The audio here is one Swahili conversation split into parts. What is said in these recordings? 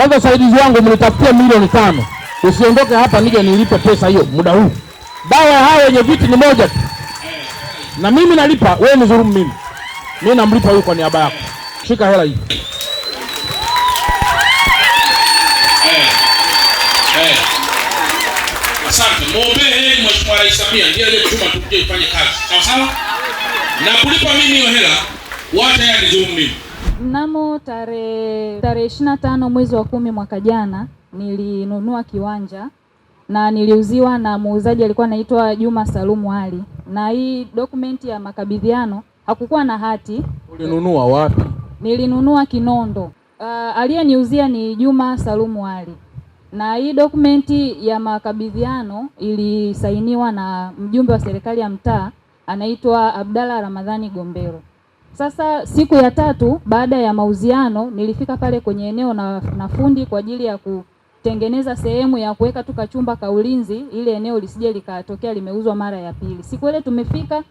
Kwanza usaidizi wangu mlitafutia milioni tano, usiondoke hapa nije nilipe pesa hiyo muda huu. Dawa ya hao wenye viti ni moja tu, na mimi nalipa. Wewe ni dhulumu mimi, mimi namlipa huyu kwa niaba yako. Shika hela hii. Asante, muombe heri Mheshimiwa Rais Samia, ndiye aliyetuma tukuje ifanye kazi sawa sawa, na kulipa mimi hiyo hela, wata yeye ni dhulumu mimi. Mnamo tarehe tarehe 25 mwezi wa kumi mwaka jana nilinunua kiwanja na niliuziwa na muuzaji alikuwa anaitwa Juma Salumu Ali, na hii dokumenti ya makabidhiano hakukuwa na hati. Ulinunua wapi? Nilinunua Kinondo. Uh, aliyeniuzia ni Juma Salumu Ali, na hii dokumenti ya makabidhiano ilisainiwa na mjumbe wa serikali ya mtaa anaitwa Abdalla Ramadhani Gombero. Sasa siku ya tatu baada ya mauziano nilifika pale kwenye eneo na, na fundi kwa ajili ya kutengeneza sehemu ya kuweka tu kachumba ka ulinzi ili eneo lisije likatokea limeuzwa mara ya pili. Siku ile tumefika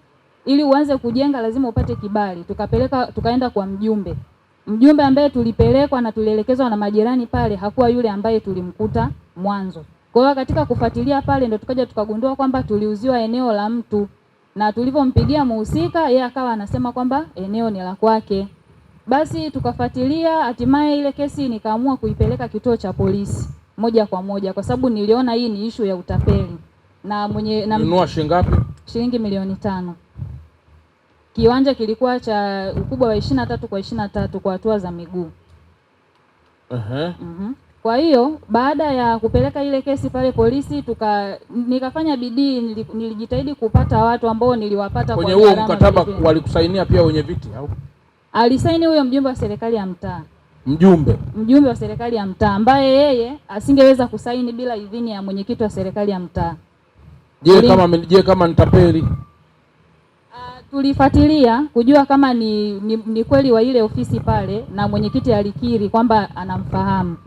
ili uanze kujenga lazima upate kibali. Tukapeleka tukaenda kwa mjumbe. Mjumbe ambaye tulipelekwa na tulielekezwa na majirani pale hakuwa yule ambaye tulimkuta mwanzo. Kwa hiyo katika kufuatilia pale ndo tukaja tukagundua kwamba tuliuziwa eneo la mtu na tulivyompigia muhusika yeye akawa anasema kwamba eneo ni la kwake. Basi tukafuatilia, hatimaye ile kesi nikaamua kuipeleka kituo cha polisi moja kwa moja, kwa sababu niliona hii ni ishu ya utapeli na mwenye nanunua shilingi ngapi? Shilingi milioni tano. Kiwanja kilikuwa cha ukubwa wa ishirini na tatu kwa ishirini na tatu kwa hatua za miguu. uh -huh. mm -hmm. Kwa hiyo baada ya kupeleka ile kesi pale polisi tuka, nikafanya bidii, nilijitahidi kupata watu ambao niliwapata. Kwenye huo mkataba walikusainia pia wenye viti au alisaini huyo mjumbe wa serikali ya mtaa? Mjumbe mjumbe wa serikali ya mtaa ambaye yeye asingeweza kusaini bila idhini ya mwenyekiti wa serikali ya mtaa. Je, kama je kama nitapeli ah, tulifuatilia kujua kama ni, ni, ni kweli wa ile ofisi pale, na mwenyekiti alikiri kwamba anamfahamu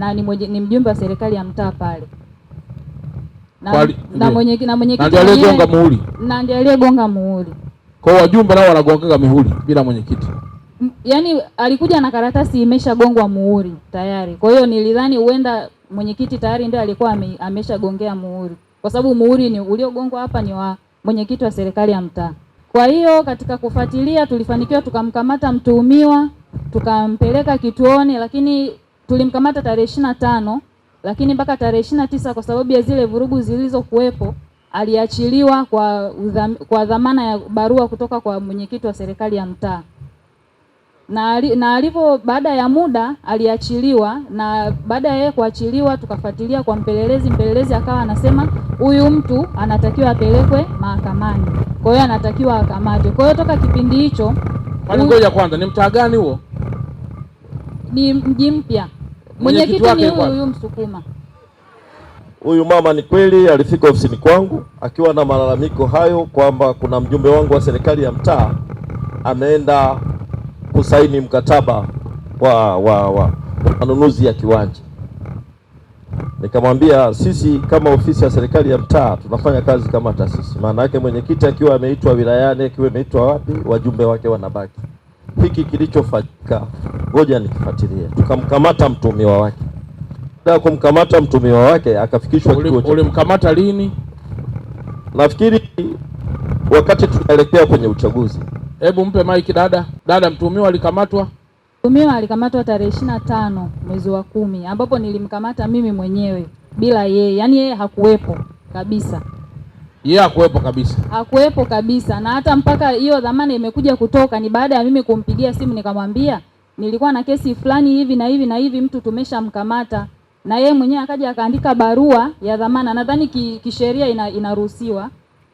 na ni, mwenye, ni mjumbe wa serikali ya mtaa pale na, na mwenyekiti na aliyegonga muhuri na ndiye aliyegonga muhuri. Kwa wajumbe nao wanagonga mihuri bila mwenyekiti, yaani alikuja na karatasi imeshagongwa muhuri tayari. Kwa hiyo nilidhani huenda mwenyekiti tayari ndio alikuwa ameshagongea muhuri, kwa sababu muhuri ni uliogongwa hapa ni wa mwenyekiti wa serikali ya mtaa. Kwa hiyo katika kufuatilia tulifanikiwa tukamkamata mtuhumiwa tukampeleka kituoni, lakini tulimkamata tarehe ishirini na tano lakini mpaka tarehe ishirini na tisa kwa sababu ya zile vurugu zilizokuwepo aliachiliwa kwa, udham, kwa dhamana ya barua kutoka kwa mwenyekiti wa serikali ya mtaa na, na alivyo baada ya muda aliachiliwa, na baada ya yeye kuachiliwa tukafuatilia kwa mpelelezi. Mpelelezi akawa anasema huyu mtu anatakiwa apelekwe mahakamani, kwa hiyo anatakiwa akamatwe. Kwa hiyo toka kipindi hicho, ngoja kwanza, ni mtaa gani huo? Ni mji mpya mwenyekiti ni huyu huyu Msukuma. Huyu mama ni kweli alifika ofisini kwangu akiwa na malalamiko hayo kwamba kuna mjumbe wangu wa serikali ya mtaa ameenda kusaini mkataba wa wa wa manunuzi ya kiwanja. Nikamwambia sisi kama ofisi ya serikali ya mtaa tunafanya kazi kama taasisi. Maana yake mwenyekiti akiwa ameitwa wilayani, akiwa ameitwa wapi, wajumbe wake wanabaki hiki kilichofanyika, ngoja nikifuatilie. Tukamkamata mtumiwa wake. Baada ya kumkamata mtumiwa wake akafikishwa kituo cha. Ulimkamata lini? Nafikiri wakati tunaelekea kwenye uchaguzi. Hebu mpe maiki dada. Dada, mtumiwa alikamatwa Mtumiwa alikamatwa tarehe ishirini na tano mwezi wa kumi ambapo nilimkamata mimi mwenyewe bila yeye, yaani yeye hakuwepo kabisa yeye yeah, hakuwepo kabisa, hakuwepo kabisa. Na hata mpaka hiyo dhamana imekuja kutoka ni baada ya mimi kumpigia simu nikamwambia nilikuwa na kesi fulani hivi na hivi na hivi, mtu tumeshamkamata, na yeye mwenyewe akaja akaandika barua ya dhamana. Nadhani kisheria ki ina, inaruhusiwa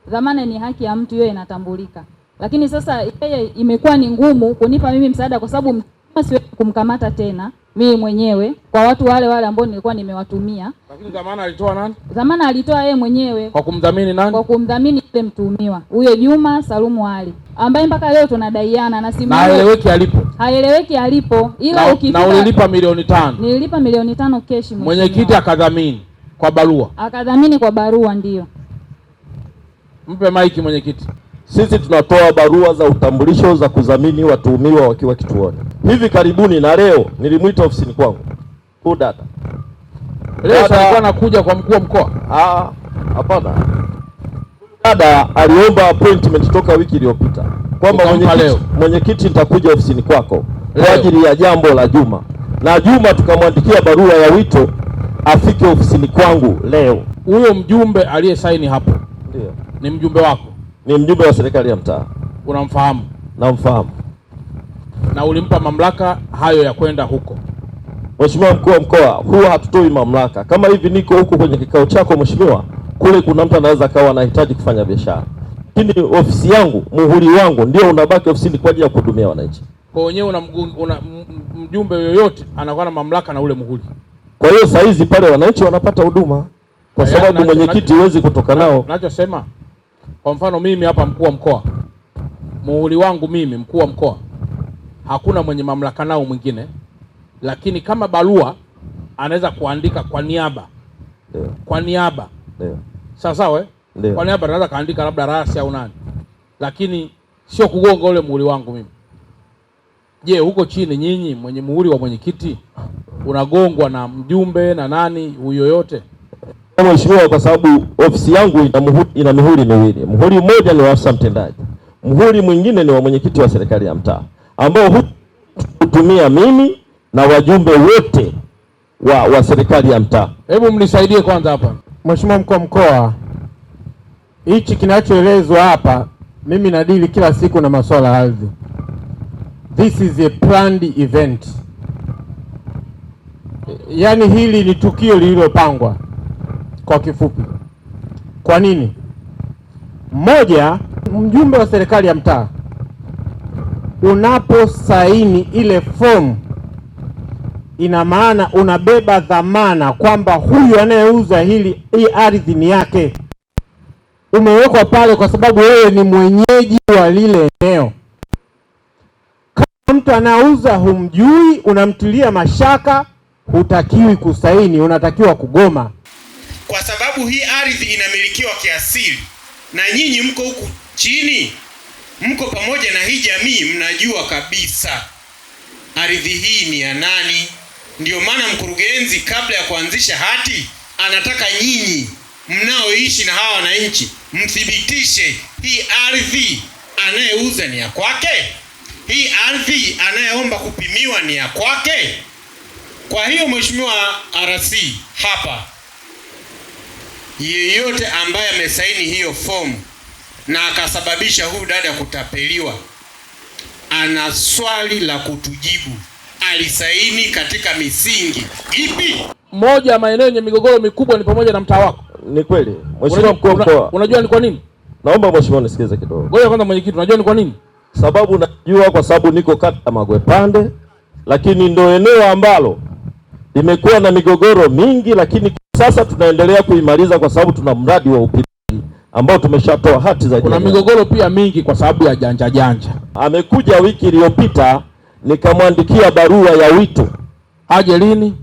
dhamana, ni haki ya mtu, hiyo inatambulika. Lakini sasa yeye imekuwa ni ngumu kunipa mimi msaada kwa sababu siwezi kumkamata tena mimi mwenyewe kwa watu wale wale ambao nilikuwa nimewatumia. Lakini dhamana alitoa nani? Dhamana alitoa yeye mwenyewe kwa kumdhamini nani? Kwa kumdhamini yule mtuhumiwa huyo Juma Salumu Ali ambaye mpaka leo tunadaiana na simu. Haeleweki alipo, haeleweki alipo, ila ukifika na ulilipa milioni tano. Nililipa milioni tano keshi, mwenyekiti akadhamini kwa barua, akadhamini kwa barua. Ndiyo, mpe maiki mwenyekiti. Sisi tunatoa barua za utambulisho za kudhamini watuhumiwa wakiwa kituoni hivi karibuni na leo nilimwita ofisini kwangu huyu dada. Leo alikuwa anakuja kwa mkuu wa mkoa? Ah, hapana. Dada aliomba appointment toka wiki iliyopita kwamba mwenyekiti, mwenyekiti nitakuja ofisini kwako kwa ajili ya jambo la Juma, na Juma tukamwandikia barua ya wito afike ofisini kwangu leo. Huyo mjumbe aliyesaini hapo ndio ni mjumbe wako? Ni mjumbe wa serikali ya mtaa. Unamfahamu? Namfahamu na ulimpa mamlaka hayo ya kwenda huko. Mheshimiwa mkuu wa mkoa, huwa hatutoi mamlaka kama hivi. Niko huko kwenye kikao chako mheshimiwa, kule kuna mtu anaweza akawa anahitaji kufanya biashara, lakini ofisi yangu, muhuri wangu ndio unabaki ofisini kwa ajili ya kuhudumia wananchi. Kwa wenyewe una, una mjumbe yoyote anakuwa na mamlaka na ule muhuri. Kwa hiyo saa hizi pale wananchi wanapata huduma kwa sababu mwenyekiti huwezi kutoka nao. Ninachosema kwa mfano mimi hapa mkuu wa mkoa, muhuri wangu mimi mkuu wa mkoa hakuna mwenye mamlaka nao mwingine, lakini kama barua anaweza kuandika kwa niaba Deo. kwa niaba sawa sawa, eh? kwa niaba anaweza kaandika labda rasi au nani, lakini sio kugonga ule muhuri wangu mimi. Je, huko chini nyinyi mwenye muhuri wa mwenyekiti unagongwa na mjumbe na nani huyo yote? Eh, mheshimiwa, kwa sababu ofisi yangu ina muhuri, ina mihuri miwili. Muhuri mmoja ni wa afisa mtendaji, muhuri mwingine ni wa mwenyekiti wa serikali ya mtaa ambao hutumia mimi na wajumbe wote wa, wa serikali ya mtaa. Hebu mnisaidie kwanza hapa, Mheshimiwa mkuu wa mkoa, hichi kinachoelezwa hapa, mimi nadili kila siku na masuala ya ardhi. This is a planned event, yaani hili ni tukio lililopangwa kwa kifupi. Kwa nini? Mmoja, mjumbe wa serikali ya mtaa unaposaini ile fomu, ina maana unabeba dhamana kwamba huyu anayeuza hili hii ardhi ni yake. Umewekwa pale kwa sababu wewe ni mwenyeji wa lile eneo. Kama mtu anauza humjui, unamtilia mashaka, hutakiwi kusaini, unatakiwa kugoma, kwa sababu hii ardhi inamilikiwa kiasili na nyinyi mko huku chini mko pamoja na hii jamii, mnajua kabisa ardhi hii ni ya nani. Ndiyo maana mkurugenzi kabla ya kuanzisha hati anataka nyinyi mnaoishi na hawa wananchi mthibitishe hii ardhi anayeuza ni ya kwake, hii ardhi anayeomba kupimiwa ni ya kwake. Kwa hiyo Mheshimiwa RC hapa, yeyote ambaye amesaini hiyo fomu na akasababisha huyu dada kutapeliwa, ana swali la kutujibu, alisaini katika misingi ipi? Moja ya maeneo yenye migogoro mikubwa ni pamoja na mtaa wako. Ni kweli mheshimiwa mkuu wa mkoa. Unajua ni kwa nini? Naomba mheshimiwa nisikilize kidogo. Ngoja kwanza mwenyekiti, unajua ni kwa nini? Sababu najua kwa sababu niko kata magwe pande lakini ndo eneo ambalo limekuwa na migogoro mingi, lakini sasa tunaendelea kuimaliza kwa sababu tuna mradi wa upi ambao tumeshatoa hati za. Kuna migogoro pia mingi kwa sababu ya janja janja. Amekuja wiki iliyopita nikamwandikia barua ya wito aje lini,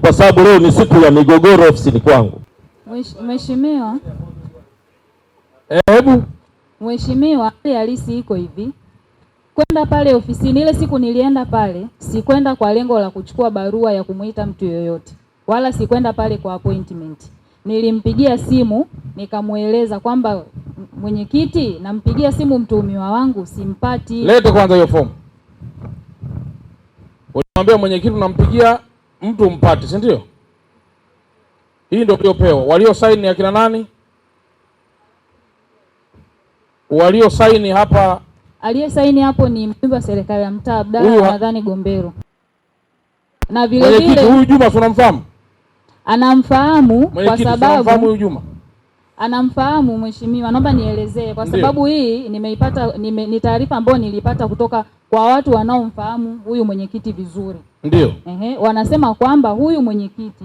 kwa sababu leo ni siku ya migogoro ofisini kwangu. Mheshimiwa, eh, hebu Mheshimiwa, hali halisi iko hivi. Kwenda pale ofisini, ile siku nilienda pale, sikwenda kwa lengo la kuchukua barua ya kumwita mtu yoyote, wala sikwenda pale kwa appointment. Nilimpigia simu nikamweleza kwamba mwenyekiti, nampigia simu mtuhumiwa wangu simpati. Lete kwanza hiyo fomu. unamwambia mwenyekiti unampigia mtu mpati, si ndio? Hii ndio uliopewa. Walio saini akina nani? Walio saini hapa, aliye saini hapo ni mjumbe wa serikali ya mtaa Abdalla, nadhani Gombero, na vile vile huyu Juma tunamfahamu anamfahamu kwa sababu Juma anamfahamu mheshimiwa. Naomba nielezee kwa sababu Ndiyo. hii nimeipata nime, ni taarifa ambayo nilipata kutoka kwa watu wanaomfahamu huyu mwenyekiti vizuri. Ndio. Ehe, wanasema kwamba huyu mwenyekiti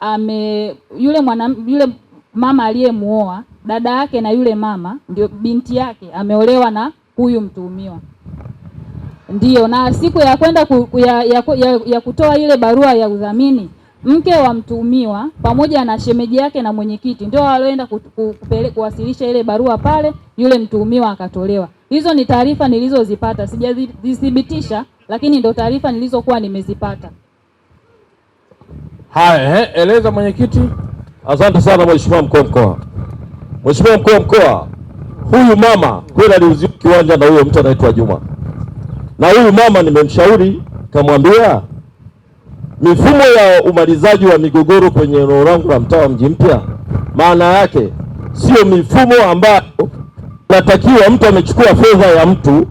ame yule mwana, yule mama aliyemuoa dada yake na yule mama ndio binti yake ameolewa na huyu mtuhumiwa ndiyo, na siku ya kwenda ku, ya, ya, ya, ya kutoa ile barua ya udhamini mke wa mtuhumiwa pamoja na shemeji yake na mwenyekiti ndio walioenda kuwasilisha ile barua pale, yule mtuhumiwa akatolewa. Hizo ni taarifa nilizozipata, sijazithibitisha, lakini ndio taarifa nilizokuwa nimezipata. Haya, eleza mwenyekiti. Asante sana mheshimiwa mkuu wa mkoa. Mheshimiwa mkuu wa mkoa, huyu mama kweli aliuziwa kiwanja na huyo mtu anaitwa Juma, na huyu mama nimemshauri, kamwambia mifumo ya umalizaji wa migogoro kwenye eneo langu la mtaa wa Mji Mpya, maana yake sio mifumo ambayo natakiwa mtu amechukua fedha ya mtu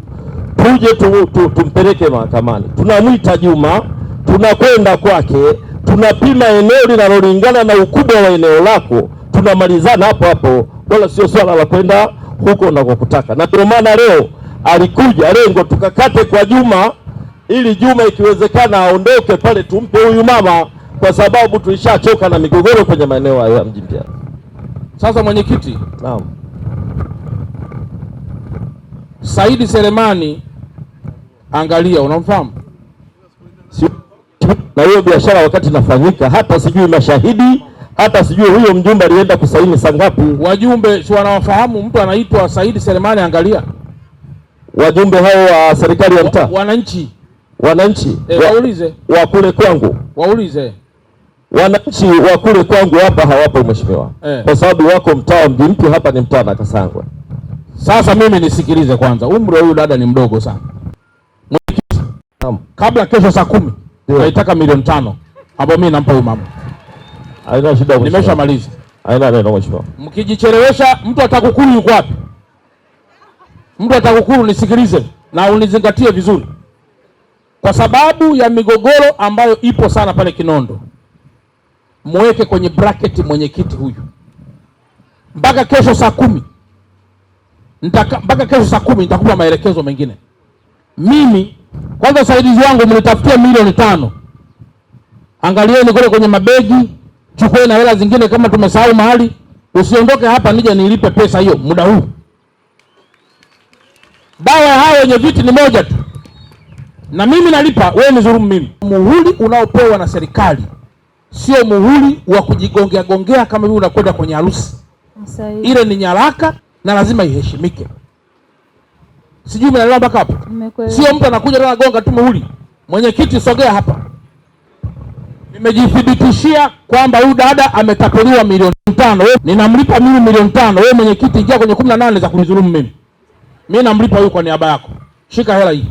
tuje tu, tu, tumpeleke mahakamani. Tunamwita Juma, tunakwenda kwake, tunapima eneo linalolingana na ukubwa wa eneo lako, tunamalizana hapo hapo, wala sio swala la kwenda huko na kukutaka. Na ndio maana leo alikuja lengo tukakate kwa Juma ili Juma ikiwezekana aondoke pale, tumpe huyu mama, kwa sababu tulishachoka na migogoro kwenye maeneo hayo ya mji mpya. Sasa mwenyekiti, naam, Saidi Selemani, angalia, unamfahamu si? na hiyo biashara wakati inafanyika, hata sijui mashahidi hata sijui huyo mjumbe alienda kusaini saa ngapi? Wajumbe si wanawafahamu, mtu anaitwa Saidi Selemani, angalia wajumbe hao wa serikali ya mtaa, wananchi wananchi e, wa, waulize wa kule kwangu, waulize wananchi wa kule kwangu hapa hawapo mheshimiwa e, kwa sababu wako mtaa mji mpya, hapa ni mtaa na Kasangwe. Sasa mimi nisikilize kwanza, umri wa huyu dada ni mdogo sana. Kabla kesho saa kumi naitaka milioni tano ambayo mimi nampa huyu mama. Haina shida nimeshamaliza. Haina neno mheshimiwa. Mkijichelewesha mtu atakukuru yuko wapi? Mtu atakukuru, nisikilize na unizingatie vizuri kwa sababu ya migogoro ambayo ipo sana pale Kinondo, muweke kwenye bracket mwenyekiti huyu mpaka kesho saa kumi mpaka kesho saa kumi nitakupa maelekezo mengine. Mimi kwanza, usaidizi wangu mlitafutia milioni tano, angalieni kule kwenye mabegi, chukue na hela zingine kama tumesahau mahali. Usiondoke hapa nije nilipe pesa hiyo muda huu. Dawa ya hao wenye viti ni moja tu na mimi nalipa, wewe ni dhulumu mimi. Muhuri unaopewa na serikali sio muhuri wa kujigongea gongea kama vile unakwenda kwenye harusi. Ile ni nyaraka na lazima iheshimike. Sijui mnaelewa mpaka hapo? Sio mtu anakuja na gonga tu muhuri. Mwenyekiti, sogea hapa. Nimejithibitishia kwamba huyu dada ametapuliwa milioni tano, Wewe ninamlipa mimi milioni tano. Wewe mwenyekiti, ingia kwenye kumi na nane za kunidhulumu mimi. Mimi namlipa huyu kwa niaba yako, shika hela hii.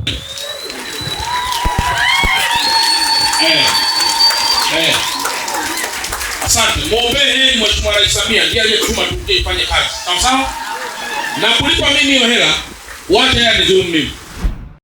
asante. Muombeeni Mheshimiwa Rais Samia, ndiye aliyetuma tuje ifanye kazi sawa sawa, na kulipa mimi hiyo hela, wacha yeye anidhulumu mimi.